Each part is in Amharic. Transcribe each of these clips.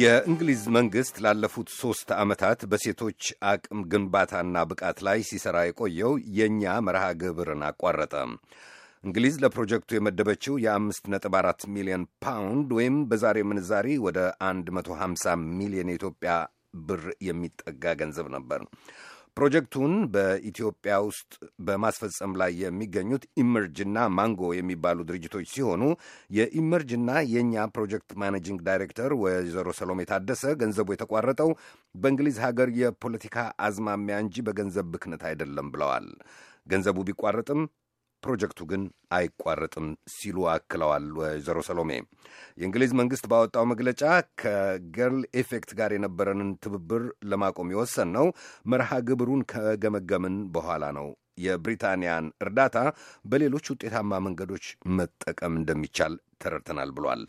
የእንግሊዝ መንግሥት ላለፉት ሦስት ዓመታት በሴቶች አቅም ግንባታና ብቃት ላይ ሲሠራ የቆየው የእኛ መርሃ ግብርን አቋረጠ። እንግሊዝ ለፕሮጀክቱ የመደበችው የ5.4 ሚሊዮን ፓውንድ ወይም በዛሬ ምንዛሪ ወደ 150 ሚሊዮን የኢትዮጵያ ብር የሚጠጋ ገንዘብ ነበር። ፕሮጀክቱን በኢትዮጵያ ውስጥ በማስፈጸም ላይ የሚገኙት ኢመርጅና ማንጎ የሚባሉ ድርጅቶች ሲሆኑ የኢመርጅና የእኛ ፕሮጀክት ማኔጂንግ ዳይሬክተር ወይዘሮ ሰሎሜ ታደሰ ገንዘቡ የተቋረጠው በእንግሊዝ ሀገር የፖለቲካ አዝማሚያ እንጂ በገንዘብ ብክነት አይደለም ብለዋል። ገንዘቡ ቢቋረጥም ፕሮጀክቱ ግን አይቋረጥም ሲሉ አክለዋል ወይዘሮ ሰሎሜ። የእንግሊዝ መንግስት ባወጣው መግለጫ ከገርል ኢፌክት ጋር የነበረንን ትብብር ለማቆም የወሰን ነው መርሃ ግብሩን ከገመገምን በኋላ ነው። የብሪታንያን እርዳታ በሌሎች ውጤታማ መንገዶች መጠቀም እንደሚቻል ተረድተናል ብሏል።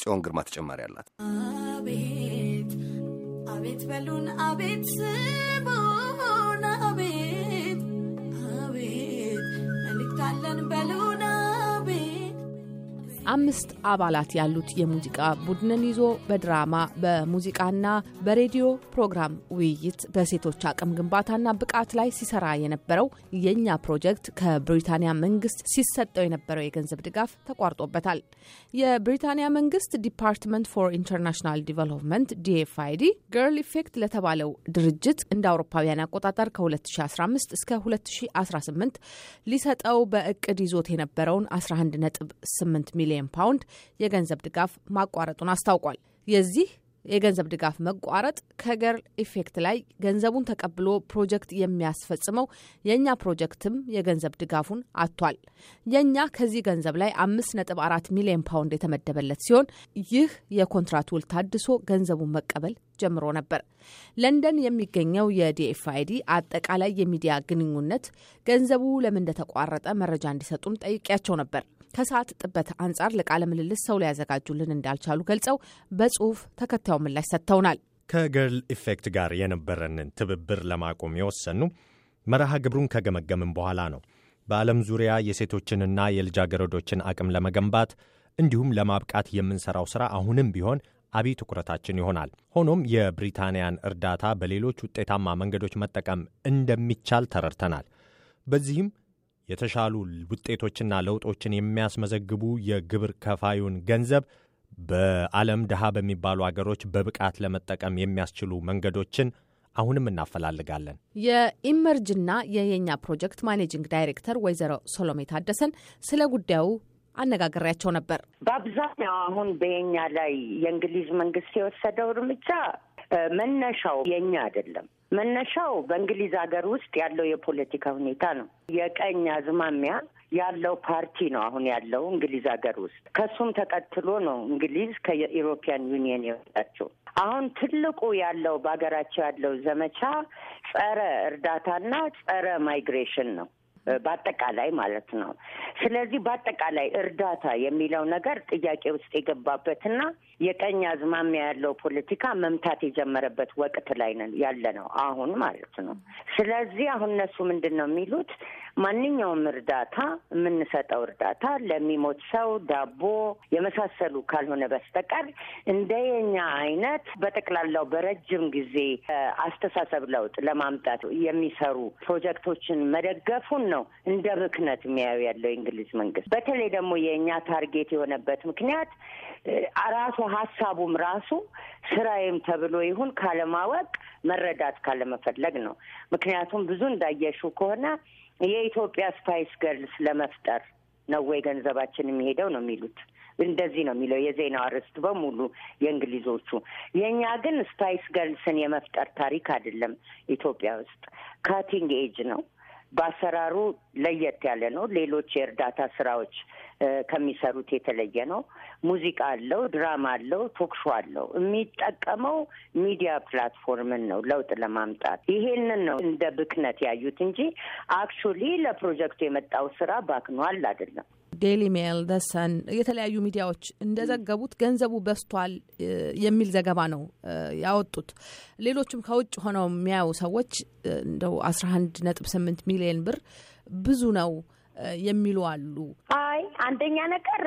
ጽዮን ግርማ ተጨማሪ አላት። አቤት አቤት በሉን አቤት ስቡን አቤት አምስት አባላት ያሉት የሙዚቃ ቡድንን ይዞ በድራማ በሙዚቃና በሬዲዮ ፕሮግራም ውይይት በሴቶች አቅም ግንባታና ብቃት ላይ ሲሰራ የነበረው የእኛ ፕሮጀክት ከብሪታንያ መንግስት ሲሰጠው የነበረው የገንዘብ ድጋፍ ተቋርጦበታል። የብሪታንያ መንግስት ዲፓርትመንት ፎር ኢንተርናሽናል ዲቨሎፕመንት ዲኤፍአይዲ ገርል ኢፌክት ለተባለው ድርጅት እንደ አውሮፓውያን አቆጣጠር ከ2015 እስከ 2018 ሊሰጠው በእቅድ ይዞት የነበረውን 11.8 ሚሊዮን ሚሊዮን ፓውንድ የገንዘብ ድጋፍ ማቋረጡን አስታውቋል። የዚህ የገንዘብ ድጋፍ መቋረጥ ከገርል ኢፌክት ላይ ገንዘቡን ተቀብሎ ፕሮጀክት የሚያስፈጽመው የእኛ ፕሮጀክትም የገንዘብ ድጋፉን አጥቷል። የእኛ ከዚህ ገንዘብ ላይ አምስት ነጥብ አራት ሚሊዮን ፓውንድ የተመደበለት ሲሆን ይህ የኮንትራት ውል ታድሶ ገንዘቡን መቀበል ጀምሮ ነበር። ለንደን የሚገኘው የዲኤፍአይዲ አጠቃላይ የሚዲያ ግንኙነት ገንዘቡ ለምን እንደተቋረጠ መረጃ እንዲሰጡን ጠይቄያቸው ነበር። ከሰዓት ጥበት አንጻር ለቃለ ምልልስ ሰው ሊያዘጋጁልን እንዳልቻሉ ገልጸው በጽሁፍ ተከታዩ ምላሽ ሰጥተውናል። ከገርል ኢፌክት ጋር የነበረንን ትብብር ለማቆም የወሰኑ መርሃ ግብሩን ከገመገምን በኋላ ነው። በዓለም ዙሪያ የሴቶችንና የልጃገረዶችን አቅም ለመገንባት እንዲሁም ለማብቃት የምንሠራው ሥራ አሁንም ቢሆን አብይ ትኩረታችን ይሆናል። ሆኖም የብሪታንያን እርዳታ በሌሎች ውጤታማ መንገዶች መጠቀም እንደሚቻል ተረድተናል። በዚህም የተሻሉ ውጤቶችና ለውጦችን የሚያስመዘግቡ የግብር ከፋዩን ገንዘብ በዓለም ድሃ በሚባሉ አገሮች በብቃት ለመጠቀም የሚያስችሉ መንገዶችን አሁንም እናፈላልጋለን። የኢመርጅና የየኛ ፕሮጀክት ማኔጂንግ ዳይሬክተር ወይዘሮ ሶሎሜ ታደሰን ስለ ጉዳዩ አነጋግሬያቸው ነበር። በአብዛኛው አሁን በየኛ ላይ የእንግሊዝ መንግስት የወሰደው እርምጃ መነሻው የኛ አይደለም። መነሻው በእንግሊዝ ሀገር ውስጥ ያለው የፖለቲካ ሁኔታ ነው። የቀኝ አዝማሚያ ያለው ፓርቲ ነው አሁን ያለው እንግሊዝ ሀገር ውስጥ። ከሱም ተቀትሎ ነው እንግሊዝ ከኢሮፒያን ዩኒየን የወጣቸው። አሁን ትልቁ ያለው በሀገራቸው ያለው ዘመቻ ጸረ እርዳታና ጸረ ማይግሬሽን ነው። በአጠቃላይ ማለት ነው። ስለዚህ በአጠቃላይ እርዳታ የሚለው ነገር ጥያቄ ውስጥ የገባበትና የቀኝ አዝማሚያ ያለው ፖለቲካ መምታት የጀመረበት ወቅት ላይ ያለ ነው አሁን ማለት ነው። ስለዚህ አሁን እነሱ ምንድን ነው የሚሉት ማንኛውም እርዳታ የምንሰጠው እርዳታ ለሚሞት ሰው ዳቦ የመሳሰሉ ካልሆነ በስተቀር እንደ የኛ አይነት በጠቅላላው በረጅም ጊዜ አስተሳሰብ ለውጥ ለማምጣት የሚሰሩ ፕሮጀክቶችን መደገፉን ነው እንደ ብክነት የሚያዩ ያለው የእንግሊዝ መንግስት። በተለይ ደግሞ የእኛ ታርጌት የሆነበት ምክንያት ራሱ ሀሳቡም ራሱ ስራዬም ተብሎ ይሁን ካለማወቅ መረዳት ካለመፈለግ ነው። ምክንያቱም ብዙ እንዳየሹ ከሆነ የኢትዮጵያ ስፓይስ ገርልስ ለመፍጠር ነው ወይ ገንዘባችን የሚሄደው ነው የሚሉት። እንደዚህ ነው የሚለው የዜናው አርዕስት በሙሉ የእንግሊዞቹ። የእኛ ግን ስፓይስ ገርልስን የመፍጠር ታሪክ አይደለም ኢትዮጵያ ውስጥ ካቲንግ ኤጅ ነው በአሰራሩ ለየት ያለ ነው። ሌሎች የእርዳታ ስራዎች ከሚሰሩት የተለየ ነው። ሙዚቃ አለው፣ ድራማ አለው፣ ቶክሾ አለው። የሚጠቀመው ሚዲያ ፕላትፎርምን ነው ለውጥ ለማምጣት። ይሄንን ነው እንደ ብክነት ያዩት እንጂ አክቹሊ ለፕሮጀክቱ የመጣው ስራ ባክኗል አይደለም። ዴይሊ ሜል፣ ደሰን የተለያዩ ሚዲያዎች እንደዘገቡት ገንዘቡ በስቷል የሚል ዘገባ ነው ያወጡት። ሌሎችም ከውጭ ሆነው የሚያዩ ሰዎች እንደው አስራ አንድ ነጥብ ስምንት ሚሊዮን ብር ብዙ ነው የሚሉ አሉ። አይ አንደኛ ነገር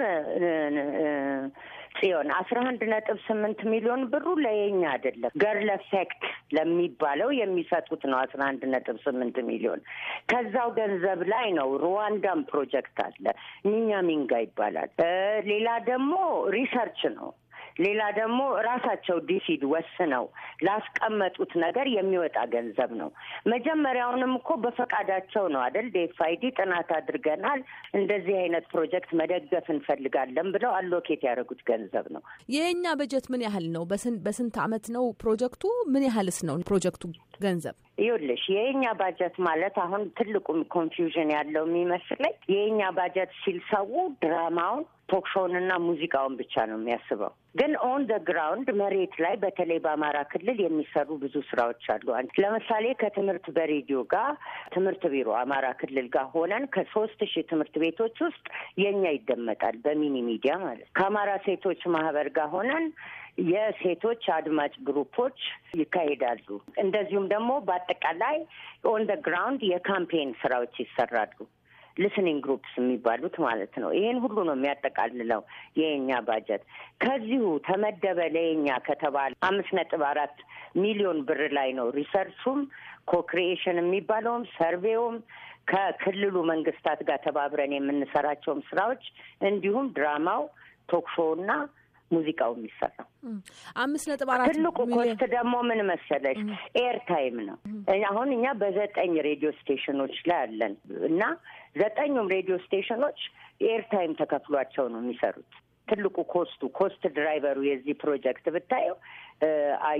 ጽዮን አስራ አንድ ነጥብ ስምንት ሚሊዮን ብሩ ለየኛ አይደለም ገርል ኤፌክት ለሚባለው የሚሰጡት ነው። አስራ አንድ ነጥብ ስምንት ሚሊዮን ከዛው ገንዘብ ላይ ነው። ሩዋንዳም ፕሮጀክት አለ ኒኛሚንጋ ይባላል። ሌላ ደግሞ ሪሰርች ነው ሌላ ደግሞ ራሳቸው ዲሲድ ወስነው ላስቀመጡት ነገር የሚወጣ ገንዘብ ነው። መጀመሪያውንም እኮ በፈቃዳቸው ነው አደል ዴፋይዲ ጥናት አድርገናል፣ እንደዚህ አይነት ፕሮጀክት መደገፍ እንፈልጋለን ብለው አሎኬት ያደረጉት ገንዘብ ነው። የእኛ በጀት ምን ያህል ነው? በስንት አመት ነው ፕሮጀክቱ? ምን ያህልስ ነው ፕሮጀክቱ ገንዘብ? ይኸውልሽ የእኛ ባጀት ማለት አሁን ትልቁም ኮንፊውዥን ያለው የሚመስለኝ የእኛ ባጀት ሲል ሰው ድራማውን ቶክሾውንና ሙዚቃውን ብቻ ነው የሚያስበው። ግን ኦን ደ ግራውንድ መሬት ላይ በተለይ በአማራ ክልል የሚሰሩ ብዙ ስራዎች አሉ። ለምሳሌ ከትምህርት በሬዲዮ ጋር ትምህርት ቢሮ አማራ ክልል ጋር ሆነን ከሶስት ሺህ ትምህርት ቤቶች ውስጥ የኛ ይደመጣል በሚኒ ሚዲያ ማለት ከአማራ ሴቶች ማህበር ጋር ሆነን የሴቶች አድማጭ ግሩፖች ይካሄዳሉ። እንደዚሁም ደግሞ በአጠቃላይ ኦን ደ ግራውንድ የካምፔን ስራዎች ይሰራሉ። ሊስኒንግ ግሩፕስ የሚባሉት ማለት ነው። ይሄን ሁሉ ነው የሚያጠቃልለው የኛ ባጀት። ከዚሁ ተመደበ ለየኛ ከተባለ አምስት ነጥብ አራት ሚሊዮን ብር ላይ ነው ሪሰርቹም ኮክሪኤሽን የሚባለውም ሰርቬውም ከክልሉ መንግስታት ጋር ተባብረን የምንሰራቸውም ስራዎች እንዲሁም ድራማው ቶክሾውና ሙዚቃው የሚሰራው አምስት ነጥብ አራት ትልቁ ኮስት ደግሞ ምን መሰለሽ ኤር ታይም ነው። አሁን እኛ በዘጠኝ ሬዲዮ ስቴሽኖች ላይ አለን እና ዘጠኙም ሬዲዮ ስቴሽኖች የኤርታይም ተከፍሏቸው ነው የሚሰሩት። ትልቁ ኮስቱ ኮስት ድራይቨሩ የዚህ ፕሮጀክት ብታየው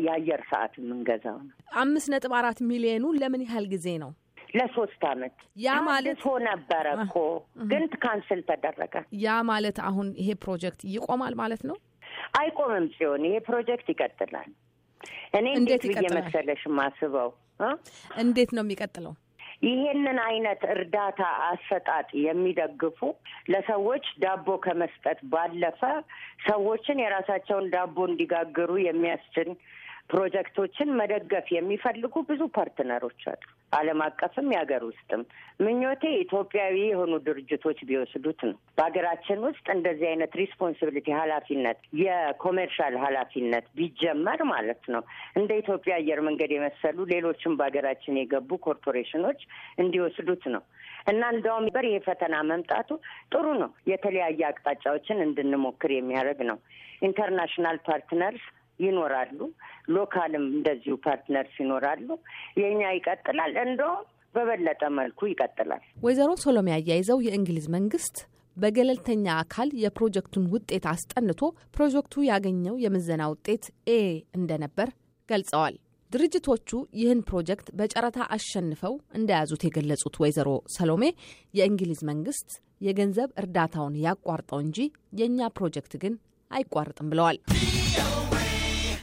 የአየር ሰዓት የምንገዛው ነው። አምስት ነጥብ አራት ሚሊዮኑ ለምን ያህል ጊዜ ነው? ለሶስት አመት። ያ ማለት ሆ ነበረ እኮ ግን ካንስል ተደረገ። ያ ማለት አሁን ይሄ ፕሮጀክት ይቆማል ማለት ነው? አይቆምም ሲሆን ይሄ ፕሮጀክት ይቀጥላል። እኔ እንዴት ብዬ መሰለሽ ማስበው እንዴት ነው የሚቀጥለው? ይሄንን አይነት እርዳታ አሰጣጥ የሚደግፉ ለሰዎች ዳቦ ከመስጠት ባለፈ ሰዎችን የራሳቸውን ዳቦ እንዲጋግሩ የሚያስችል ፕሮጀክቶችን መደገፍ የሚፈልጉ ብዙ ፓርትነሮች አሉ፣ ዓለም አቀፍም የሀገር ውስጥም። ምኞቴ ኢትዮጵያዊ የሆኑ ድርጅቶች ቢወስዱት ነው። በሀገራችን ውስጥ እንደዚህ አይነት ሪስፖንሲቢሊቲ ኃላፊነት የኮሜርሻል ኃላፊነት ቢጀመር ማለት ነው። እንደ ኢትዮጵያ አየር መንገድ የመሰሉ ሌሎችም በሀገራችን የገቡ ኮርፖሬሽኖች እንዲወስዱት ነው እና እንደውም በር ይሄ ፈተና መምጣቱ ጥሩ ነው። የተለያየ አቅጣጫዎችን እንድንሞክር የሚያደርግ ነው። ኢንተርናሽናል ፓርትነርስ ይኖራሉ። ሎካልም እንደዚሁ ፓርትነርስ ይኖራሉ። የእኛ ይቀጥላል፣ እንደውም በበለጠ መልኩ ይቀጥላል። ወይዘሮ ሶሎሜ አያይዘው የእንግሊዝ መንግስት በገለልተኛ አካል የፕሮጀክቱን ውጤት አስጠንቶ ፕሮጀክቱ ያገኘው የምዘና ውጤት ኤ እንደነበር ገልጸዋል። ድርጅቶቹ ይህን ፕሮጀክት በጨረታ አሸንፈው እንደያዙት የገለጹት ወይዘሮ ሰሎሜ የእንግሊዝ መንግስት የገንዘብ እርዳታውን ያቋርጠው እንጂ የእኛ ፕሮጀክት ግን አይቋርጥም ብለዋል።